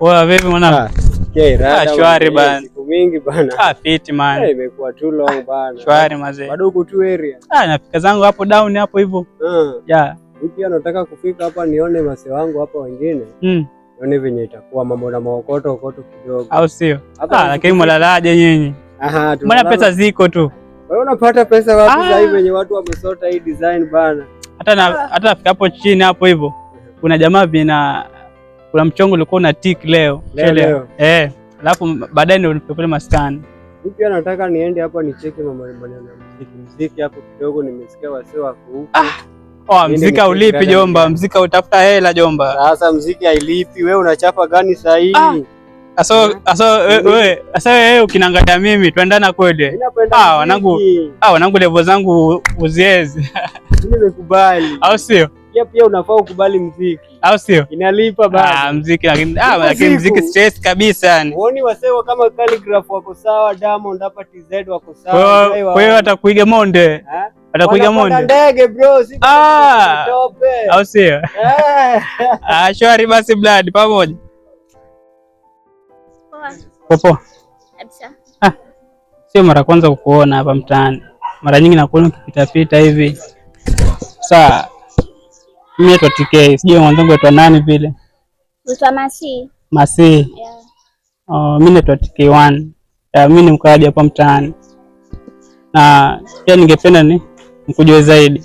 Oya ah, vipi mwanangu? Ah, okay, Ah. Shwari bana. Siku mingi bana. Ah, fit man. Hey, eh, imekuwa too long bana. Shwari mzee. uko tu area. Ah, nafika zangu hapo down hapo hivyo. Mm. Yeah. Pia nataka kufika hapa nione mase wangu hapa wengine. Mm. Nione venye itakuwa mambo na maokoto okoto kidogo. Au sio? Ah, lakini mlalaje nyinyi? Aha, mbona pesa ziko tu? Wewe unapata pesa wapi ah. sasa hivi wenye watu wamesota hii design bana? Hata na hata nafika hapo chini hapo hivyo. Kuna jamaa vina kuna mchongo ulikuwa una tick leo leo, Eh, alafu baadaye ndio nipepele maskani. Mimi pia nataka niende hapa nicheke mambo ya muziki. Muziki hapo kidogo nimesikia wase wako huko. Ah, oh, muziki ulipi jomba, muziki utafuta hela jomba. Sasa mziki hailipi, wewe unachapa gani sasa hii? Ah. Aso, aso, wewe, sasa wewe ukinangalia mimi twendana kweli. Ah, wanangu, ah wanangu levo zangu uziezi. Mimi Nimekubali. Au sio? kufikia pia unafaa ukubali mziki, au sio? Inalipa bana. Ah, mziki lakini ah, lakini mziki stress kabisa yani. Uoni wasewa kama Calligraph wako sawa, Diamond hapa TZ wako sawa. Kwa hiyo atakuiga monde. ha? Atakuiga monde. Ndege bro, si ah, tope. Au sio? Eh. Ah, shwari basi blood pamoja. Popo. Kabisa. Ah. Sio mara kwanza kukuona hapa mtaani. Mara nyingi nakuona ukipita pita hivi. Sawa. Mimi naitwa TK, sijui mwenzangu aitwa nani vile. Naitwa Masi. Masi. Yeah. Oh, mimi naitwa TK1. Mimi ni mkaaji hapa mtaani na pia ningependa ni mkujue zaidi.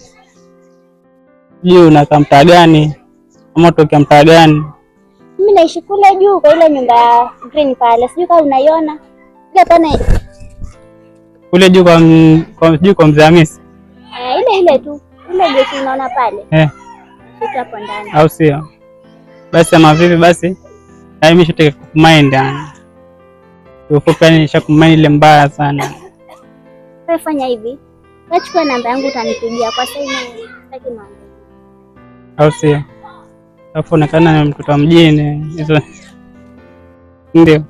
Sijui unakaa mtaa gani ama utokea mtaa gani? Mimi naishi kule juu kwa ile nyumba ya green pale, sijui kama unaiona ile pana kule juu kwa m... kwa, kwa mzee Hamisi. Eh, ile ile tu ile juu unaona pale. Eh. Yeah au sio? Basi ama vipi? Basi yaani mishataka kukumaindi yaani. kiufupi, yani nishakumaindi ile mbaya sana. Fanya hivi, nachukua namba yangu, utanipigia kwa sasa, au sio? Alafu onekana ni mtoto wa mjini hizo, ndio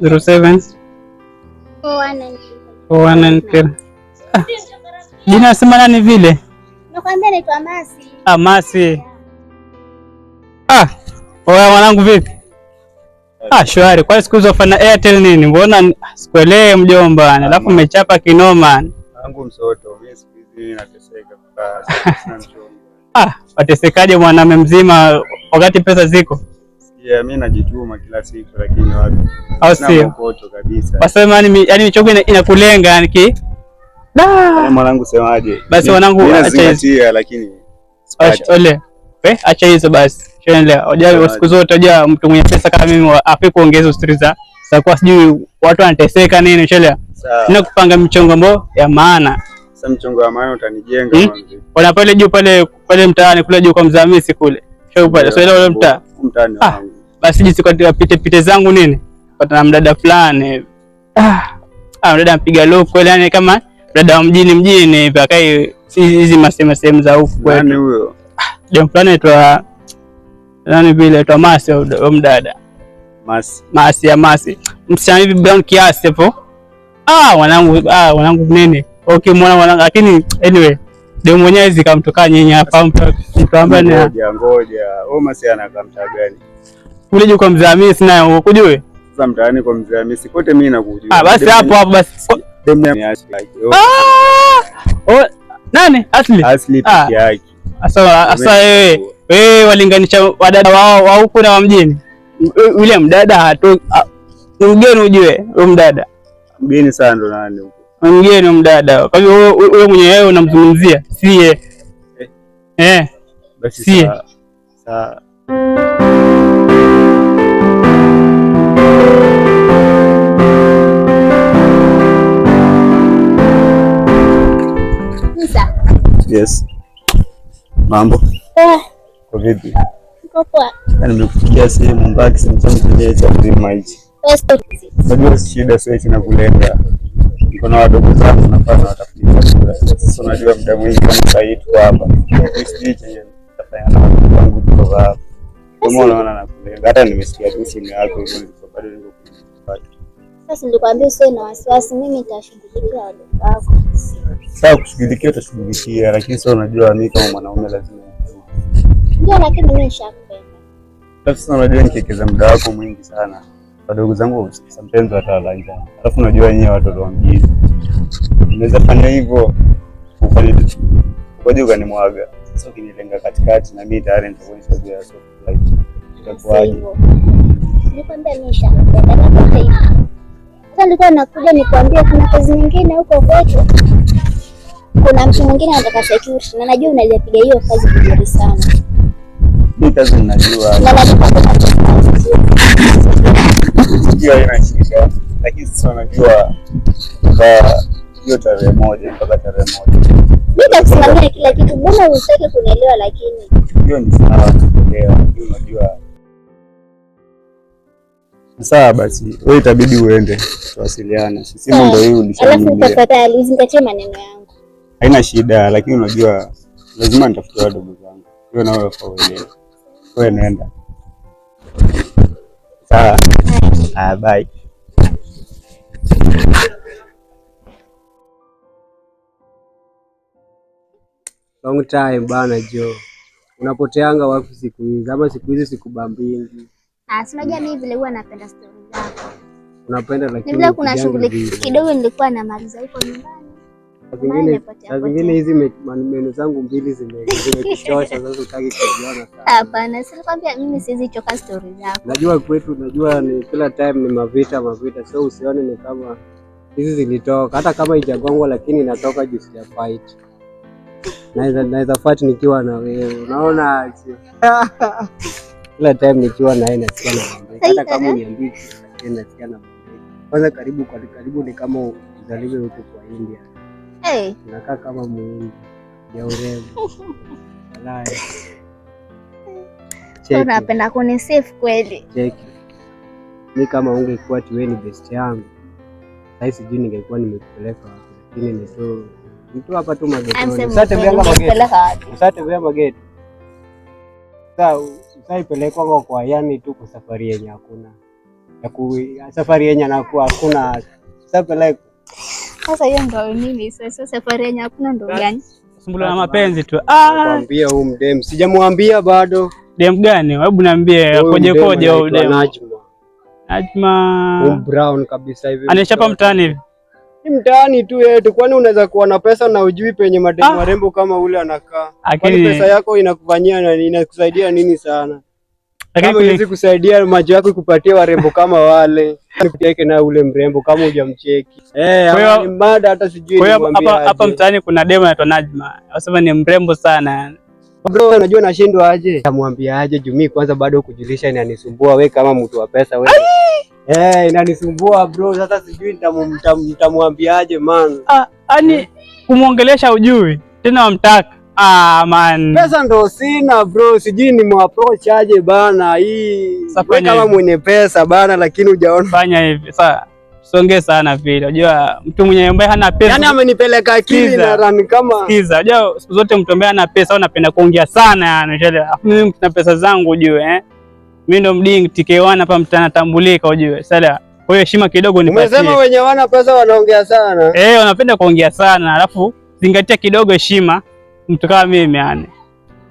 07 ah, jina nasema nani vile Nakwambia naitwa Masi. Ah, Masi. Ah, oya mwanangu vipi? Ah, shwari. Kwa siku hizo fana Airtel nini? Mbona sikuelewi mjomba, alafu mmechapa kinoma. Ah, watesekaje mwanaume mzima wakati pesa ziko? Yeah, mimi najituma kila siku lakini wapi. Au sio? Wasema yani yaani michogo inakulenga yani Eh, mwanangu semaje? Basi mwanangu, eh, acha hizo basi, siku zote aja mtu mwenye pesa kama mimi afi kuongeza striza za kwa sijui watu wanateseka nini, shelewa na kupanga mchongo ambao ya maana mchongo maana hmm? ona pale juu pale pale mtaani kule juu kwa mzamisi kule pale. ule mtaa ah, basi, jinsi katika pite pite zangu nini, pata na mdada fulani ah, ah, mdada mpiga loko yani kama dada wa mjini mjini hivi akai hizi masema sehemu za huku kwetu. Nani huyo? Jamaa fulani aitwa nani vile aitwa Masi au mdada. Masi. Masi ya Masi. Msichana hivi brown kiasi hapo. Ah, wanangu ah, wanangu nene. Okay, mwana wanangu lakini anyway demu mwenyewe zikamtoka nyinyi hapa mtu ambaye ni ngoja ngoja. Wewe Masi anakamta gani? Kule juu kwa mzee Hamisi naye ukujue? Sasa mtaani kwa mzee Hamisi kote mimi nakujua. Ah, basi hapo hapo basi Oh. Ah! Oh, nani? Asli. Asli peke ah. yake. Asa asa wewe wewe walinganisha wadada wao wa huku na wa mjini. Yule mdada hatu ah, mgeni ujue, huyo mdada. Mgeni sana ndo nani huko? Mgeni mdada. Kwa hiyo wewe wewe unamzungumzia, sie yeye. Eh. eh. Basi sawa. Yes. Mambo eh. kwa vipi? Yaani nimekupigia simu mbaki cha hichi. shida sio hichi Niko na wadogo zangu nafaa na Sasa unajua muda mwingi kama sasa hivi tuko hapa. Sijui chenye nitafanya na watu wangu tuko hapa. Kama unaona Hata nimesikia tu simu yako bado niko sasa nilikwambia usiwe na wasiwasi, mimi nitashughulikia wadogo wako. Sawa, kushughulikia utashughulikia, lakini sasa unajua mimi kama mwanaume lazima ndio, lakini mimi nishakupenda. Sasa unajua nikiekeza muda wako mwingi sana wadogo zangu sometimes watalaika, alafu unajua nyie watoto wa mjini unaweza fanya hivyo kitu ukaja ukanimwaga. Sasa ukinilenga katikati, na mimi tayari nitakuonyesha itakuwaje nilikuwa nakuja nikuambia kuna kazi nyingine huko kwetu, kuna mtu mwingine anataka security, na najua unaweza piga hiyo kazi vizuri sana. Ni kazi ninajua inashika, lakini sisi kwa hiyo tarehe moja mpaka tarehe moja nitakusimamia kila kitu, mbona hutaki kunielewa? Lakini hiyo ni sawa, naelewa. Unajua Sawa basi, wewe itabidi uende tuwasiliane. Simu ndio hii ulishanunulia. zingatia maneno yangu. Haina shida, lakini unajua lazima nitafute wadogo zangu. hiyo na wewe kwa wewe. Wewe nenda. Sawa. Ah, bye. Long time bana, Jo. Unapoteanga wapi siku hizi? Ama siku hizi sikubambingi Ah, unajua mimi vile huwa napenda stori zako. Unapenda lakini vile kuna shughuli kidogo nilikuwa namaliza huko nyumbani. Saa zingine hizi menu zangu mbili zimekuchosha sasa utaki kujiona sana. Hapana, sasa kwambia mimi siwezi choka stori zako. Najua kwetu, najua ni kila time ni mavita mavita, so usione ni kama hizi zilitoka, hata kama ijagongwa lakini inatoka juu ya fight. Naweza naweza fight nikiwa na wewe. Unaona Kila time nikiwa na yeye nasikia anabambeka, hata kama ni ambiki nasikia anabambeka. Kwanza karibu kwa karibu ni kama uzaliwe huko kwa India. Hey. Nakaa kama muhindi ya urevu. Walai. So unapenda kunisifu kweli. Cheki. Ni kama ungekuwa tiwe ni best yangu. Sasa sijui ningekuwa nimekupeleka wapi, lakini ni tu mtu hapa tu mageti. Sasa tembea mageti. Sasa tembea mageti. Sasa usaipelekwako kwa yani tu kwa safari yenye hakuna safari yenye nakuwa hakuna sapeleko. Sasa hiyo ndo nini? Sasa safari yenye hakuna ndo gani? sumbula na mapenzi tu. Ah, huyu mdem sijamwambia bado. Dem gani? Hebu niambie koje koje huyu dem. Najma. Brown kabisa hivi. Anashapa mtaani hivi mtaani tu yetu, kwani unaweza kuwa na pesa na ujui penye mademu ah. warembo kama ule anakaa. Kwani pesa yako inakufanyia na inakusaidia nini sana? Lakini kusaidia macho yako ikupatie warembo kama wale kucheke na ule mrembo kama hujamcheki. Eh, hey, mada hata sijui. Kwa hiyo hapa mtaani kuna demu anaitwa Najma, anasema ni mrembo sana Bro, unajua nashindwa aje? Namwambia aje Jumi kwanza bado kujulisha inanisumbua we kama mtu wa pesa wewe. Eh, inanisumbua bro, sasa sijui aje man. Ah, yani kumwongelesha ujui tena wamtaka. Ah man. Pesa ndo sina bro, sijui ni approach aje bana hii. Kama mwenye pesa bana, lakini hujaona. Fanya hivi sasa tusonge sana vile. Unajua mtu mwenye ambaye hana pesa. Yaani amenipeleka akili na rani kama. Sikiza, unajua siku zote mtu ambaye hana pesa au anapenda kuongea sana yani. Ah, mimi na pesa zangu ujue eh. Mimi ndo mding TK1 hapa mtana tambulika ujue. Sasa kwa hiyo heshima kidogo nipatie. Umesema wenye wana pesa wanaongea sana. Eh, wanapenda kuongea sana. Alafu zingatia kidogo heshima mtu kama mimi yani.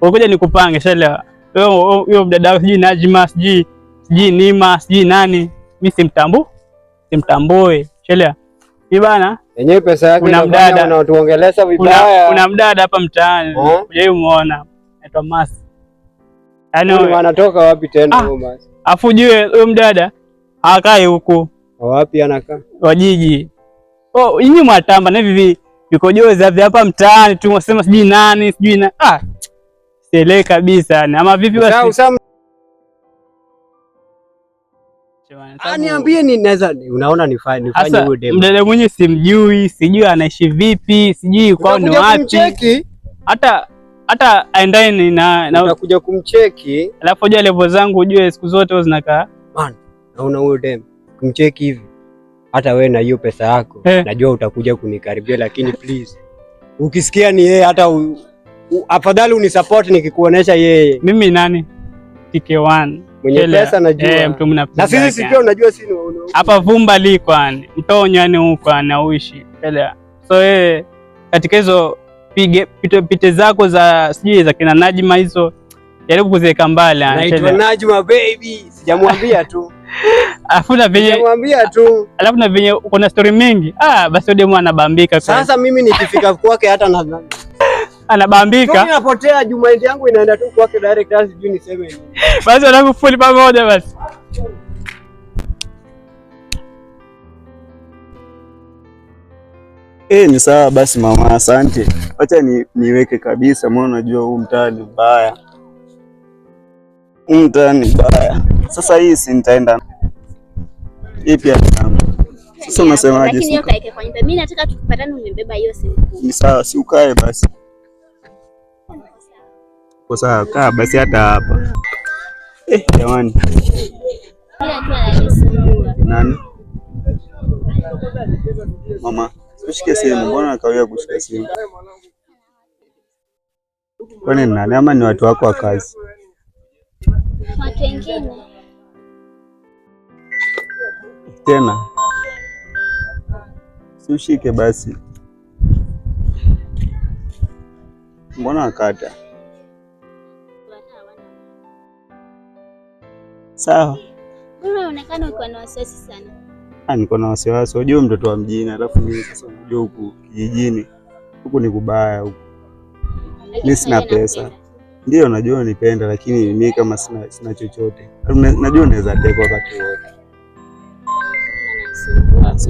Ngoja nikupange sasa. Wewe huyo mdada sijui Najma sijui sijui Nima sijui nani. Mimi simtambui simtambue. Chelewa hii bana, yenyewe pesa yake. Kuna mdada unatuongeleza vibaya, kuna mdada hapa mtaani eh? hujai muona, anaitwa Mas. Yaani anatoka wapi tena ah, huyo Mas? Afu jue huyo mdada hakai huku. Wapi anakaa? Wajiji. Oh, yinyi mwatamba na hivi vikojozi hapa hapa mtaani tu, mwasema sijui nani sijui na ah, sielewi kabisa. Ama vipi basi? bwana. Niambie ni naweza unaona nifanye nifanye huyo demo. Mdada mwenye simjui, sijui anaishi vipi, sijui kwa ni wapi. Hata hata aendae na na kuja kumcheki. Alafu hoja levo zangu ujue siku zote wao zinakaa. Bana, naona huyo demo. Kumcheki hivi. Hata wewe na hiyo pesa yako eh, Najua utakuja kunikaribia lakini please. Ukisikia ni yeye hata afadhali unisupport nikikuonesha yeye. Mimi nani? TK1 mwenye pesa anajua eh, mtu E, na sisi sikio unajua sisi hapa vumba liko yani likwani mtonyani ukwani nauishi elewa. So eh, katika hizo pige pite, pite zako za sijui za kina Najma hizo jaribu kuziweka mbali. yani. Naitwa Najma baby, sijamwambia tu Alafu na venye namwambia tu, alafu na venye uko na story mingi. Ah, basi ode anabambika Sasa mimi nikifika kwake hata na anabambika. Inapotea Jumaidi yangu inaenda tu kwake direct as sijui niseme nini. Basi wanangu full pamoja basi. Eh, ni sawa basi mama, asante. Wacha ni, niweke kabisa, maana unajua huu mtaa ni mbaya. Huu mtaa ni mbaya. Sasa hii si nitaenda. Hii pia sasa unasemaje? Lakini hiyo kaike kwa nyumba. Mimi nataka tukipatane unibeba hiyo simu. Ni sawa, si ukae basi. Kwa sawa, kaa basi hata hapa. Eh, jamani. Nani? Mama, ushike simu, mbona akawia kushika simu? Kwani nani ama ni watu wako wa kazi? Watu wengine. Tena. Si ushike basi. Mbona akata? Sawa. Unaonekana uko na wasiwasi sana. Ah, niko na wasiwasi. Unajua mtoto wa mjini, alafu mimi sasa unajua huku kijijini huku ni kubaya huku. Mimi sina pesa. Ndio najua nipenda, lakini mimi kama sina, sina chochote. Najua naweza tekwa wakati wote.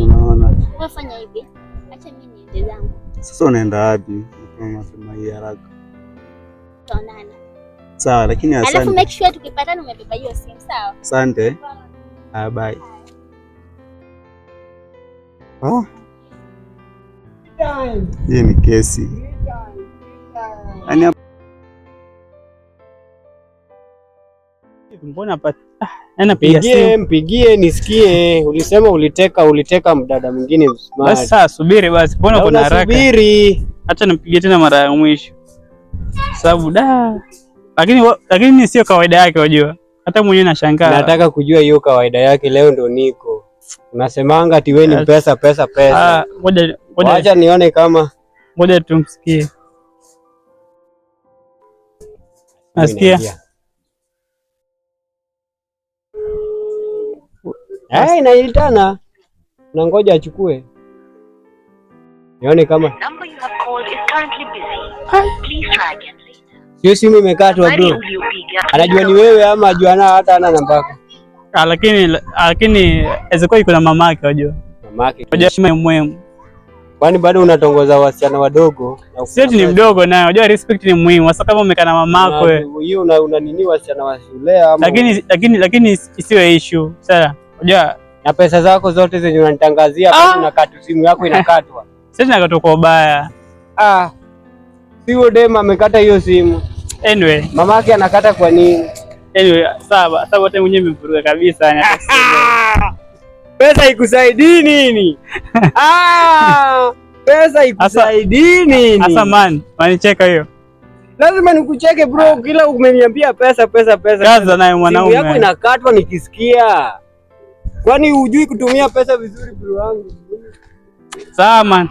Unaona? Wafanya ah, hivi. Acha mimi niende zangu. Sasa unaenda wapi? Nasema hii haraka. Tonana. Sawa, lakini asante. Alafu make sure tukipatana umebeba hiyo simu, sawa? Asante. Ah, bye. Oh. Hii ni kesi. Yaani mbona ah, yaani mpigie, mpigie nisikie. Ulisema uliteka uliteka mdada mwingine. Basi sasa subiri basi, mbona kuna haraka? Subiri. Acha nipigie tena mara ya mwisho sababu da lakini lakini sio kawaida yake, unajua hata mwenyewe nashangaa. Nataka kujua hiyo kawaida yake, leo ndo niko unasemanga tiweni pesa pesa pesa. Ah, acha nione kama, ngoja tumsikie. Nasikia inaitana na ngoja achukue nione kama Sio simu imekatwa yaani bro. Anajua ni wewe ama ajua na hata ana namba yako. Ah, Lakini lakini ezeko iko na mama yake unajua. Mama yake. Unajua shima muhimu. Kwani bado unatongoza wasichana wadogo? Sio ni mdogo naye. Unajua respect ni muhimu. Sasa kama umekaa na yako wewe. Hiyo una una nini wasichana wa shule ama? Lakini lakini lakini isiwe issue. Sasa unajua na pesa zako zote zenye unanitangazia ah, unakatwa simu yako inakatwa. Sasa inakatwa kwa ubaya. Ah. Huyo dema amekata hiyo simu. Anyway, mama yake anakata kwa nini? Anyway, saba saba, tena mwenyewe mvuruga kabisa Pesa ikusaidii nini? Ah! Pesa ikusaidii nini? Asa man, manicheka hiyo. Lazima nikucheke bro, kila umeniambia pesa pesa pesa. Kaza naye mwanaume. Simu yako inakatwa nikisikia. Kwani hujui kutumia pesa vizuri bro wangu? Sawa man.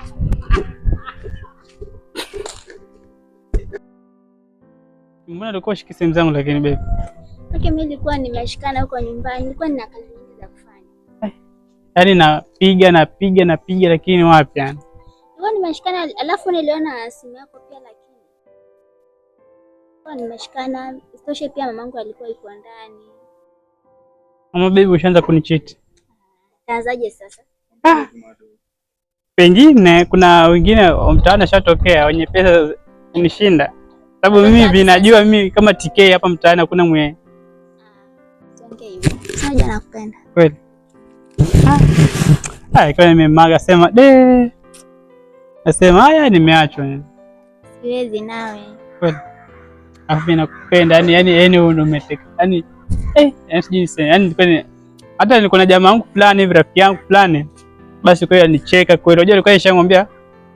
Mbona ulikuwa shiki simu zangu lakini baby? Okay, mimi nilikuwa nimeshikana huko nyumbani, nilikuwa nina kazi nyingi za kufanya. Eh, yaani napiga napiga napiga lakini wapi yani? Nilikuwa nimeshikana alafu niliona simu yako pia lakini. Nilikuwa nimeshikana, isitoshe pia mamangu alikuwa yuko ndani. Mama baby, ushaanza kunichiti. Tazaje sasa? Ah. Pengine kuna wengine mtaani ashatokea wenye pesa nishinda sababu mimi vinajua mimi kama TK hapa mtaani hakuna mwe ah, kweli. Haya, ah. ah, kama maga sema de, nasema haya, nimeachwa siwezi nawe kweli, afu mimi nakupenda yani, yani, yani umeteka yani, eh, yani yani kwani Hata nilikuwa na jamaa wangu fulani hivi, rafiki yangu fulani, basi kweli alinicheka kweli. Unajua alikuwa nishamwambia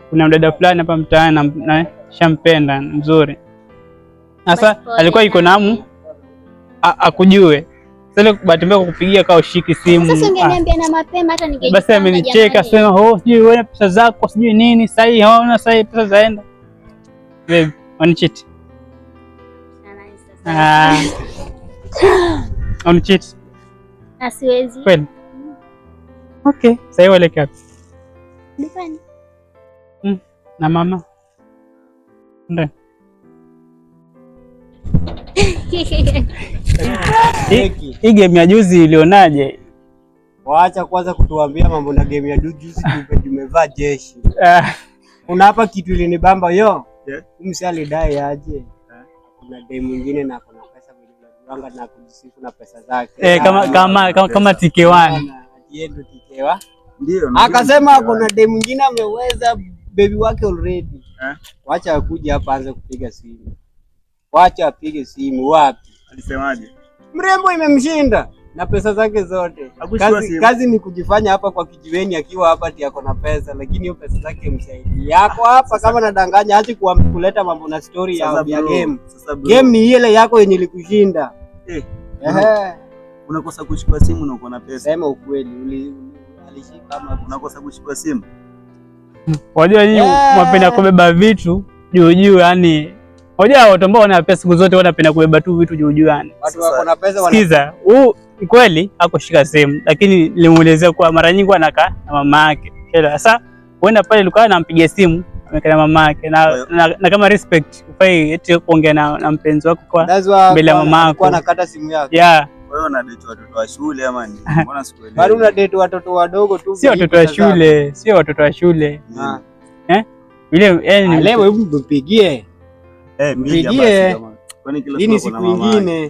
kuna mdada fulani hapa mtaani na shampenda mzuri sasa alikuwa yuko na hamu akujue. Sasa bahati mbaya kukupigia kaa ushiki simu. Sasa ah. ungeniambia na mapema hata ningejua. Basi amenicheka sema, oh, sijui wewe pesa zako sijui nini, sasa hii haona, sasa hii pesa zaenda. Babe, wanichiti. Ah. Wanichiti. Na siwezi. Kweli. Okay, sasa hiyo ile kapi. Dukani. Mm, na mama. Ndio. Hii game ya juzi ilionaje? Waacha kwanza kutuambia mambo na game ya juzi ah. tumevaa jeshi. Ah. Kuna hapa kitu ilinibamba yo. Yeah. Msi alidai aje? Eh. Kuna dai mwingine na kuna pesa mjanga na kujisifu na pesa zake. Eh, kama ah. kama kama, TK1. Yendo TK1. Akasema kuna dai mwingine ameweza baby wake already. Eh. wacha Waacha hapa aanze kupiga simu wacha apige simu. Wapi? Alisemaje? Mrembo imemshinda na pesa zake zote. Kazi, kazi ni kujifanya hapa kwa kijiweni, akiwa hapa ati ako na pesa, lakini hiyo pesa zake msaidii yako ah, hapa sasa. Kama nadanganya achi kuleta mambo na story ya game. Game ni ile yako yenye ilikushinda eh. Ehe. Unakosa kuchukua simu na uko na pesa. Sema ukweli, unakosa kuchukua simu. Wajua nyinyi mwapenda kubeba vitu juu juu, yani Hoja watu ambao wana pesa siku zote wanapenda kubeba tu vitu juu juu yani. Watu wako na pesa wana sikiza. Huu kweli hakushika simu, lakini nilimuelezea kwa mara nyingi anaka na mama yake. Sasa uenda pale Luka anampigia simu amekaa na mama yake na, na, na kama respect ufai eti kuongea na, na mpenzi wako kwa mbele ya mama yako. Anakata simu yake. Yeah. Wewe una date watoto wa shule ama ni? Mbona sikuelewi? Bado una date watoto wadogo tu. Sio watoto wa shule, sio watoto wa shule. Ah. Eh? Yule yani ah, leo hebu mpigie. Eh, hii ni siku nyingine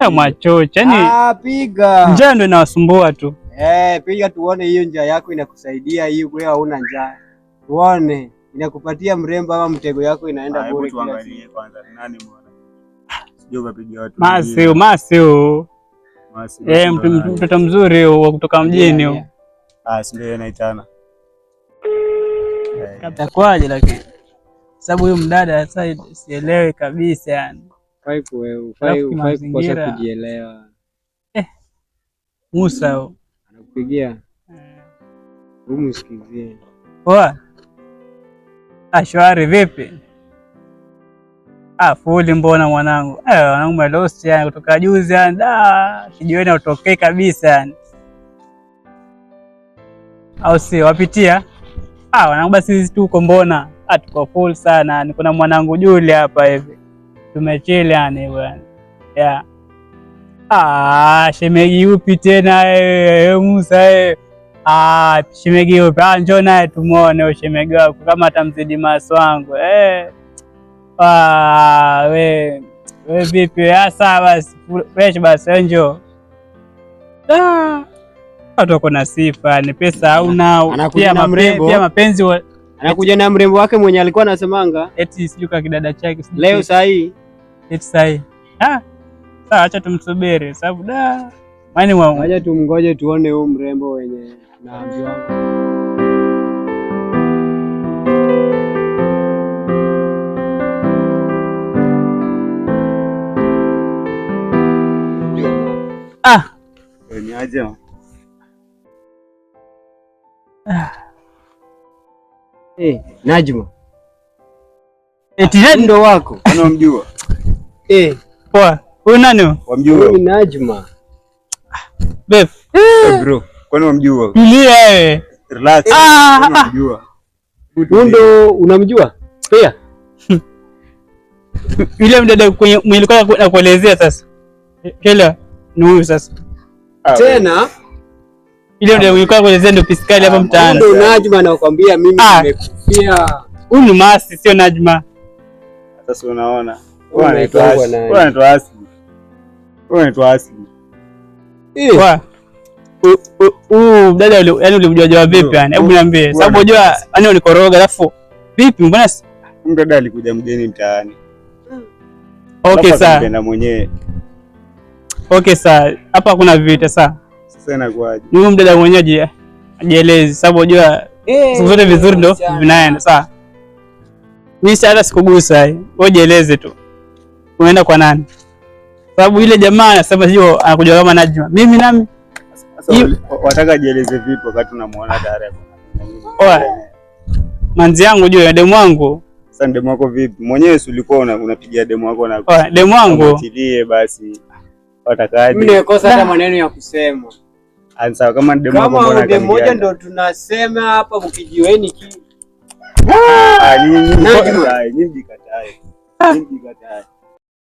eh, machocha, yani ah, piga njaa ndo inawasumbua tu. Eh, piga tuone hiyo njaa yako inakusaidia hiyo, wewe hauna njaa. Tuone inakupatia mrembo ama mtego yako inaenda ah, bure kila Masiu, masiu. Eh, mtoto mzuri wa kutoka mjini. Ah, sio yeye anaitana. Katakwaje lakini? sababu huyu mdada sasa sielewi kabisa yani. Kujielewa. Eh, Musa anakupigia. Eh. Umsikizie. Poa. Ashwari ah, vipi? Ah, fuli mbona mwanangu? Eh, mwanangu melost yani kutoka juzi yani da kijiweni utokee kabisa yani. Au si wapitia? Ah, wanangu basi tu uko mbona? tuko full sana. ni kuna mwanangu Juli hapa hivi, tumechili yani bwana yeah. Ah, shemeji upi tena e Musa wewe? Eh. Ah, shemeji upi? Ah, njoo naye tumwone ushemeji wako kama atamzidi maso wangu eh. Ah, we we vipi? Asa ah, basi fresh basi njoo. Ah, watu wako na sifa, ni pesa au nao mapenzi, pia mapenzi wa anakuja na mrembo wake mwenye alikuwa anasemanga eti sijui kwa kidada chake leo saa hii eti saa hii. Ah, acha tumsubiri sababu da mani wao, acha tumngoje tuone huu mrembo wenye naambiwa ah. Eh, Najma. Eti ndo wako. Unamjua? Eh, poa. Huyu nani? Wamjua. Ni Najma. Bef. Eh, bro. Kwani wamjua? Tulia wewe. Eh. Relax. Unamjua. Ah, ah, ah. Ndo unamjua? Pia. Yule mdada kwenye kwa nakuelezea sasa. Kela ni huyu sasa. Tena ile ndio ulikuwa ah. kwenye zendo piskali hapa ah, mtaani. Ndio Najma anakuambia mimi ah. nimekufia. Huyu ni Masi sio Najma. Sasa unaona. Wewe unaitwa Asli. Wewe unaitwa Asli. Wewe unaitwa Asli. Eh. Huu dada yule yani ulimjua vipi yani? Hebu niambie. Sababu unajua yani ulikoroga, alafu vipi mbona dada alikuja mgeni mtaani. Okay, sawa. Napenda mwenyewe. Okay, sawa. Hapa kuna vita sawa. Ni mdada mwenyeji ajielezi, sababu unajua eh, siku zote vizuri ndo vinaenda sawa. Mimi hata sikugusa, eh. wewe jieleze tu, unaenda kwa nani? Sababu yule jamaa anasema hiyo anakuja kama Najma, mimi nami wataka jieleze vipi wakati unamuona direct? Manzi yangu juu ya demu wangu sasa demu wako vipi? Mwenyewe si ulikuwa unapigia demu wako na demu wangu tilie basi, watakaje? Mimi nakosa hata maneno ya kusema. Sawa, kama kama mmoja ndo tunasema hapa mkijiweni ki. Ah, nyinyi mjikatae. Nyinyi mjikatae.